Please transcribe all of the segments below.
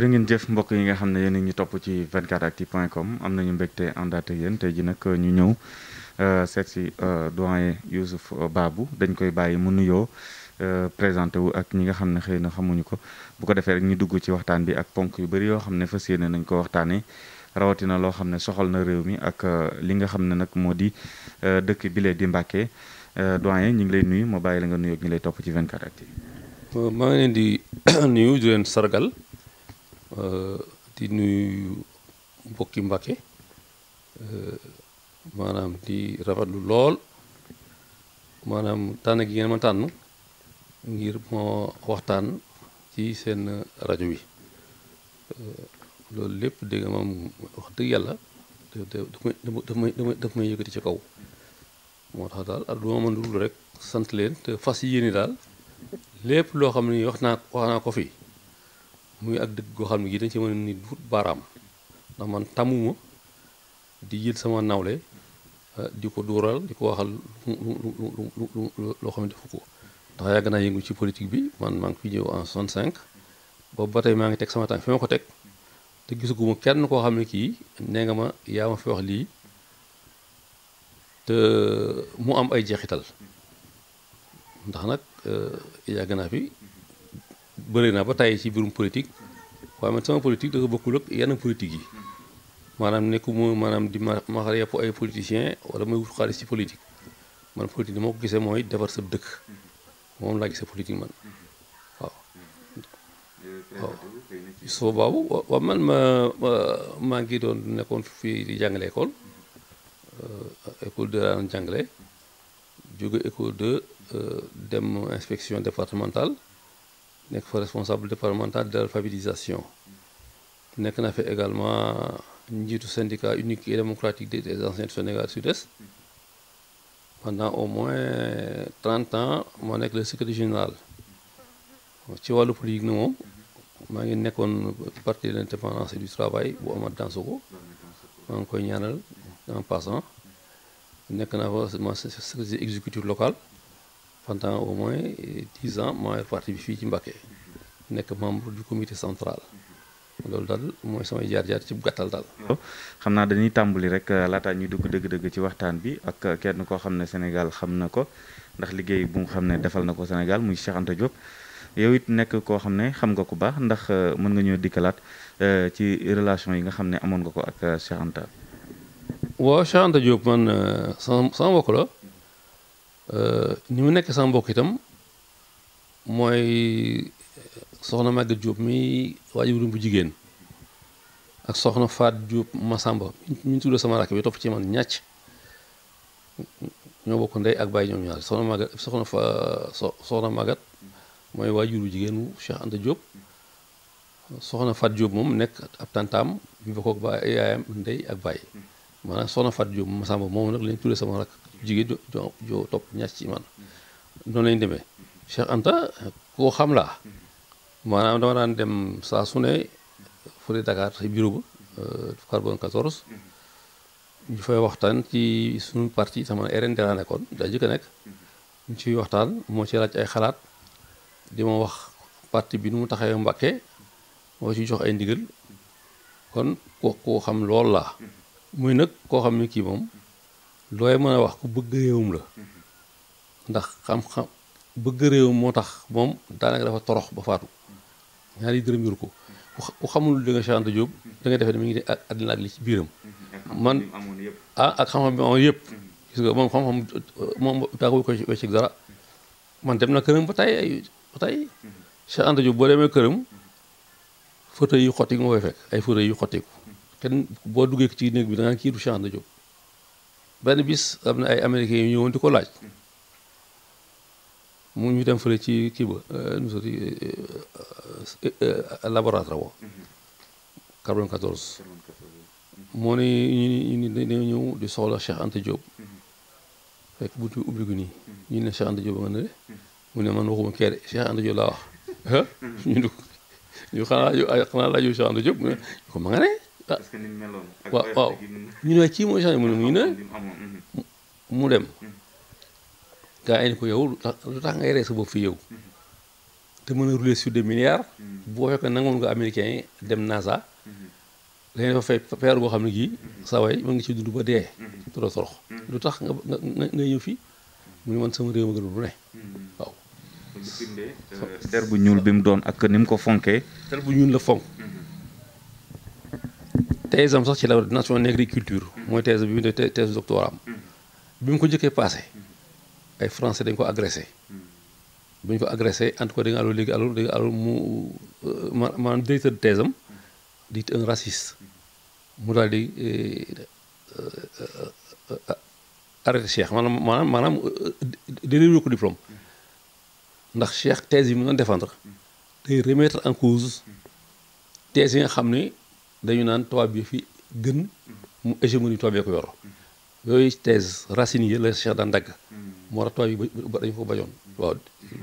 jërë ngeen jëf mbokk yi nga xam ne yéen a ngi topp ci 24actu point com am nañu mbégte àndaat ak yéen tey ji nag ñu ñëw euh, seet si euh, doyen Youssouf Babou dañ koy bàyyi mu nuyoo euh, présenté wu ak ñi nga xam ne xëy na xamuñu ko bu ko defee rek ñu dugg ci waxtaan bi ak ponk yu bari yoo xam ne fas yéene nañ ko waxtaanee rawatina loo xam ne soxal na réew mi ak li nga xam ne nag moo di dëkk bile di Mbàkke doyen ñu ngi lay nuyu ma bàyyi la nga nuyoo ak ñi lay topp ci 24actu. maa ngi leen di nuyu di leen sargal euh, di nuyu mbokki Mbàkke euh, maanaam di rafetlu lool maanaam tànn gi ngeen ma tànn ngir moo waxtaan ci seen rajo bi euh, loolu lépp dégg wax dëgg yàlla daf may daf may yëkkati ci kaw moo tax daal ak lu ma mën rek sant leen te fas yéene daal lépp loo xam ne wax naa wax naa ko fi muy ak dëgg goo xam ne gii dañ ci mën a nit duut baaraam ndax man tàmmuma di jël sama nawle eh, di ko duural di ko waxal loo xam ne defu ko ndax yàgg naa yëngu ci politique bi man maa ngi fi ñëw en 65 boobu ba tey maa ngi teg sama tànk fi ma ko teg te gisuguma kenn koo xam ne kii nee nga ma yaa ma fi wax lii te mu am ay jeexital ndax nag euh, yàgg naa fi bëri naa ba tàyyi ci biirum politique waaye man sama politique dafa bokkul ak yenn politique yi maanaam nekkuma maanaam di ma maxar yàpp ay politiciens wala may wut xaalis ci politique man politique ni ma gisee mooy defar sa dëkk moom laa gisee politique man waaw. soo baabu waaw man ma maa ngi doon nekkoon fii di jàngale école euh, de laa jàngale jóge école de. Euh, dem inspection départementale nekk fa responsable départemental de l'alphabétisation nekk naa fi également njiitu syndicat unique et démocratique des anciens du Sénégal Sud-Est pendant au moins trente ans moo nekk le secrétaire général ci wàllu politique na moom maa ngi nekkoon parti de l'indépendance et du travail bu Amath Dansokho maa ngi koy ñaanal en passant nekk naa fa ma secrétaire exécutif local pendant au moins eh, dix ans ma parti bi fii ci Mbacké nekk membre du comité central loolu daal mooy samay jaar-jaar ci gàttal daal. xam naa dañuy tàmbali rek euh, laataa ñuy dugg dëgg-dëgg ci waxtaan bi ak euh, kenn koo xam ne Sénégal xam na ko ndax liggéey bu nga xam ne defal na ko Sénégal muy Cheikh Anta yow it nekk koo xam ne xam nga ko baax ndax euh, mën nga ñëw dikkalaat ci relation yi nga xam ne amoon nga ko ak Cheikh waaw Cheikh Anta man sama mbokk la. Euh, ni mu nekk sama mbokk itam mooy euh, soxna Maguette jóob mi waajuram bu jigéen ak soxna Faat Diop Masamba mi ñu sama rakk bi ci man ñàcc bokk ndey ak bàyyi ñoom ñaar soxna Maguette soxna fa mooy waajur jigéenu Cheikh Anta soxna Faat Diop moom nekk ab tantaam bi bokk ndey ak bàyyi maanaam soxna Faat Diop Masamba moom sama rakk jigéen ju ju topp ñas ci man noonu lañ demee Cheikh Anta koo xam laa maanaam dama daan dem saa su ne fële Dakar sa bureau ba euh, carbone ñu fay waxtaan ci suñu parti sama RND laa nekkoon daa jëkk a nekk ñu ciy waxtaan moo ci laaj ay xalaat di ma wax parti bi nu mu taxawee Mbàkke moo ci jox ay ndigal kon koo xam lool laa muy nag koo xam ne kii moom looy mën a wax ku bëgg réewum la ndax xam-xam bëgg réewum moo tax moom daanaka dafa torox ba faatu ñaari dërëm yor ko ku xamul li nga Cheikh Anta Diop mi ngi ne àddina ak li ci biiram man ah ak xam-xam bi amoon yëpp gis que moom xam-xam moom daa ko wécceeg dara man dem na këram ba tey ay ba tey Cheikh Anta boo demee këram fauteuil yu xottiku nga koy fekk ay fauteuil yu xottiku kenn boo duggee ci néeg bi da kiiru kii du benn bis am na ay américains yu ñëwoon di ko laaj mu ñu dem fële ci kii ba euh, nu mu wa euh, euh, moo ni dañoo ñëw di soxla Cheikh Anta Diop fekk buntu ubbi ko nii ñu ne Cheikh Anta Diop ba nga ne mu ne man waxuma kere Cheikh Anta Diop laa wax ñu ne ñu xanaa laaju Cheikh Anta Diop ko ma Ah. parce que ni mu meloon. ak waaw waaw ñu ne ci mooy sax mhm. mu mu ne. mu dem. Mhm. gaa yi ko yow lu tax ngay rey sa bopp fi yow. Mhm. te mën a rouler sur des milliards. boo fekkee nangoon nga américain dem NASA. dañuy dafa fay peer xam ne kii. saa waay nga ci dund ba dee. toro torox lu tax nga nga nga ñëw fii. mu ne man sama réew ma gën bu ne. waaw. bu euh, bu ñuul bi mu doon ak ni ko fonkee. der bu ñuul la fonk. thèse am sax ci labordination en agriculture mooy thèse bi mu ne thèse doctorat mm-hmm. bi mu ko jëkkee passé mm-hmm. ay français dañ ko agressé mm-hmm. bu ñu ko agressé en tout cas da nga àlol léegi àlol da nga àlol mu euh, maanaam directeur de thèse un raciste mu daal di euh, euh, arrêté Cheikh maanaam maanaam maanaam délivré diplôme ndax Cheikh thèse yi mu doon défendre day remettre en cause thèse yi nga xam ne dañu naan tubaab bi fi gën mu hégémonie tubaab yi ko yoro yooyu thèse racine yi la Cheikh daan dagg hmm. moo tax tubaab yi ba dañu ko bañoon hmm. waaw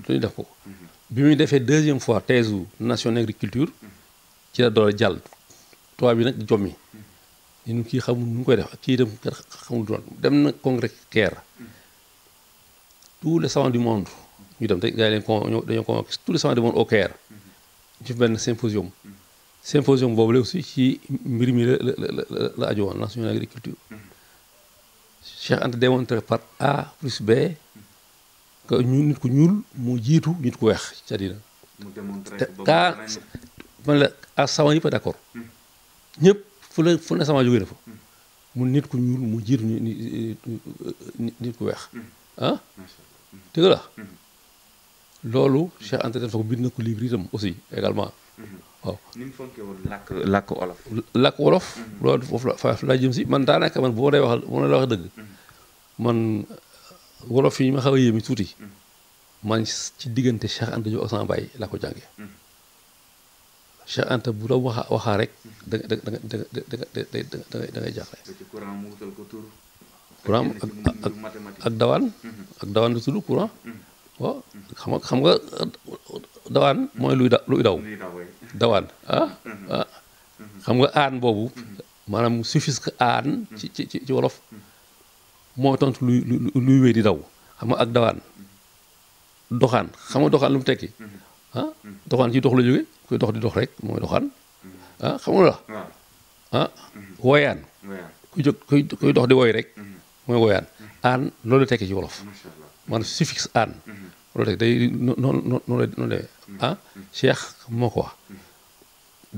dañu def ko hmm. bi muy defee deuxième fois thèse u nation agriculture ci la door a jàll tubaab yi nag jommi ñun kii xamul nu ñu koy def kii itam xamul doon dem na congrès Caire tous les savants du monde ñu dem te gars yi dañoo convoqué tous les savants du monde au Caire ñu def benn symposium symposium boobu la aussi ci mbir mi la la la aju woon national agriculture Cheikh Anta démontré par A plus B nit ku ñuul mu jiitu nit ku weex ci àddina kaa a sama mu nit ku ñuul mu jiitu nit ku weex ah dëgg la mm-hmm. loolu Cheikh Anta ko bind na ko livre itam aussi également waaw ni mu fonkee woon làkk làkk wolof. làkk wolof. Mm-hmm. loolu foofu la fa laa jëm si man daanaka man boo dee wax bu ma la wax dëgg. Mm-hmm. man wolof yi ma xaw a yéemi tuuti. Mm-hmm. man ci diggante Cheikh Anta Diop ak sama baay laa ko jàngee. Cheikh Anta bu la waxa waxaa rek da nga da nga da nga da nga da ngay da ngay jaaxle. courant ak ak dawaan. ak dawaan la tudd courant. waaw xam nga xam nga dawaan mooy luy da luy daw dawaan xam nga aan boobu maanaam suffixe aan ci ci wolof mooy tontu luy luy wéy di daw xam nga ak dawaan doxaan xam nga doxaan lu mu tekki doxaan ci dox la jóge kuy dox di dox rek mooy doxaan xam nga woyaan kuy jóg kuy dox di woy rek mooy woyaan aan loolu tekki ci wolof maanaam suffixe aan loolu tekki day noonu noonu ah Cheikh moo ko wax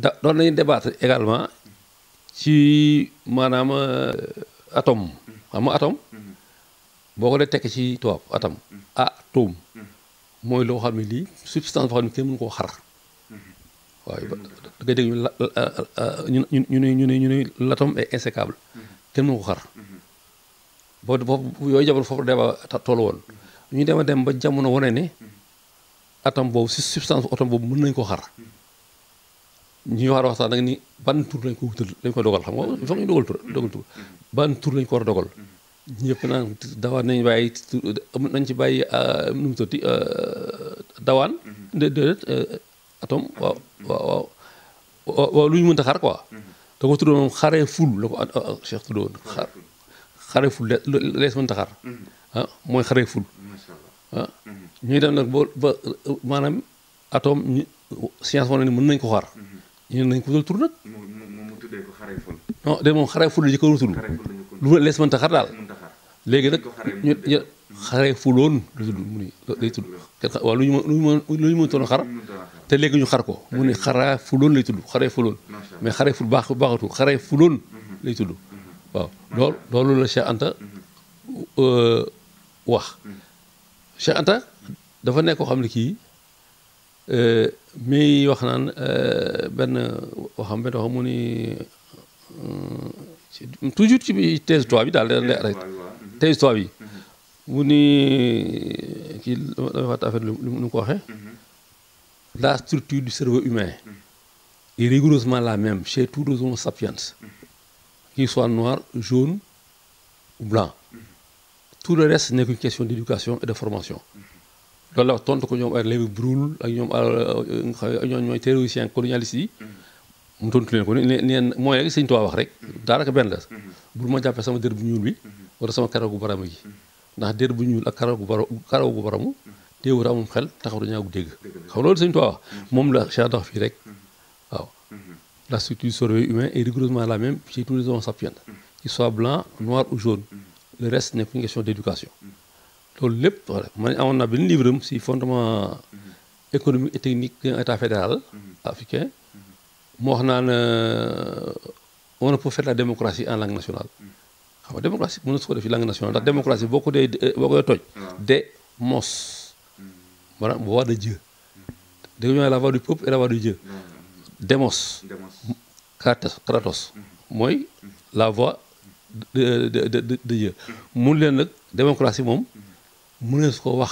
da doon nañu débattre également ci maanaam euh, atom am atom boo ko dee tekk ci atom atome ah, atome mooy loo xam ne lii substance boo xam ne kenn mënu koo xar waaye ba da ngay dégg ñu la ñu ñu ñu ne ñu ne l'atome est insécable yooyu jamono foofu débat tollu woon ñu dem a dem ba jamono wane ne. atome boobu si substance atome boobu mën nañ koo xar ñu war a waxtaan nag ni ban tur lañ ko wutal lañ ko dogal xam nga il faut ñu dogal tur dogal tur tur lañ ko war a dogal ñëpp naan nañ ci bàyyi euh, mu tëddi dawaan. lu ñu mënta xar quoi. Mm-hmm. da ko tuddoon moom xaree ful la lees mënta xar. Mm-hmm. Ah, mooy xaree ful ñuy dem nag boo ba maanaam atome ñu science wane ni mën nañ ko xar. Mhm. ñu ne nañ ko wutal tur nag. mu tuddee ko xaree ful. non de moom xaree ful la ñu ko wutul. xaree ful lu ma lees mënta xar daal. léegi nag ñu mhm. xaree fuloon la tudd lu ñu ma lu xar. te léegi ñu xar ko mu ni xaraa fuloon lay tudd xaree fuloon. mais xaree ful baax baaxatul xaree fuloon mhm. lay tudd. waaw loolu loolu la Cheikh Anta euh, wax. Cheikh Anta dafa nekk koo xam ne kii mi wax naan benn waxam benn waxam mu ni euh, toujours ci bi thèse 3 bi daal di leen rek thèse 3 bi mhm. mu ni kii dafa fàtte affaire lu mu ko waxee mhm. la structure du cerveau humain mhm. est rigoureusement la même chez tout les homo sapiens qu'ils soient noirs jaunes ou tout le reste nekk une question d' éducation et de formation loolu la tontu ko ñoom ay Lévi Brul ak ñoom euh, euh, ñoom ñooy théoriciens colonialistes yi. mu tontu leen ko ne neen mooy la. ma jàppee sama dër bu ñuul bi. wala sama karaw gu baramu gi. ndax dër bu ñuul ak karaw gu bara karaw gu baramu. teewul amum xel taxaw dañaa ko dégg. xam loolu sëñ Tuubaa wax moom la Cheikh dox fii rek waaw. la la même chez tous les hommes sapiens. qu'ils ou jaunes. le reste n'est qu'une d'éducation loolu lépp voilà man amoon naa benn livre am si fondement économique et technique d'un fédéral africain moo wax naa ne euh, on ne la démocratie en langue nationale xam nga démocratie mën na su def ci langue nationale ndax démocratie boo ko dee toj de mos maanaam voix de Dieu dégg nga mooy la de de de de Dieu mun leen nag démocratie moom mënees ko wax.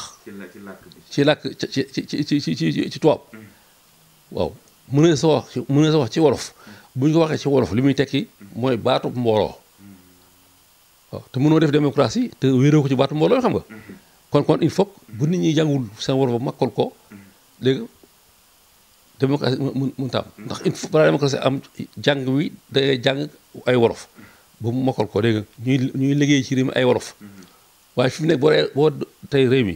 ci làkk ci ci ci ci ci ci tubaab waaw mënees ko wax ci mënees ko wax ci wolof bu ñu ko waxee ci wolof li muy tekki mooy baatu mbooloo waaw te mënoo def démocratie te wéeroo ko ci baatu mbooloo xam nga. kon kon il faut bu nit ñi jàngul seen wolof ba makkal ko léegi démocratie mu mu ndax il faut balaa démocratie am jàng wi dangay jàng ay wolof. ba mu mokkol ko dégg ñuy ñuy liggéey ci réew mi ay wolof waaye fi mu nekk boo boo tey réew mi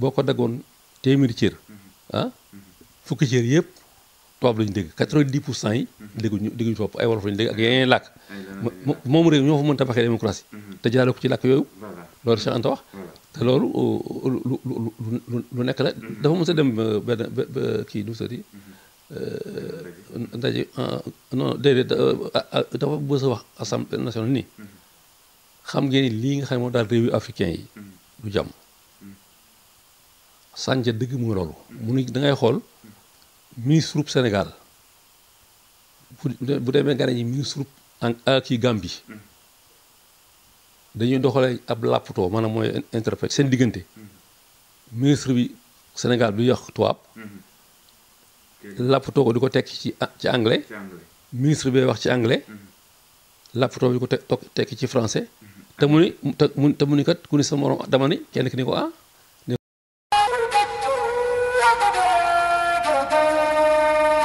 boo ko daggoon téeméeri cër ah fukki cër yëpp tubaab lañu dégg quatre-vingt-dix pour cent yi dégguñu ñu tubaab ay wolof lañu dégg ak yeneen làkk moom réew ñoo fa mën tabaxee démocratie mhm. te jaaree ko ci làkk yooyu loolu Cheikh Anta wax te loolu euh, lu lu lu nekk la mhm. dafa mën sa dem euh, benn kii du sati ndaje ah, non déedéet euh, ah, ah, dafa bëgg a wax assemblée nationale nii mm-hmm. xam ngeen ni lii nga xam ne moo daal réew yu africain yi mm-hmm. du jàmm mm-hmm. sànja dëgg mu loolu mu ni da ngay xool ministre bu Sénégal bu demee gane ji ministre en kii Gambie dañuy doxalee ab làppatoo maanaam mooy interprète seen diggante ministre bi Sénégal bi yàq tubaab lappatoo ko di ko tekk ci ah, ci anglais. ministre bi wax ci anglais. Mhm. lappatoo bi di ko tekki ci français. Mhm. te mu ni te mu ni kat ku ni sa morom dama ni kenn ki ni ko ah.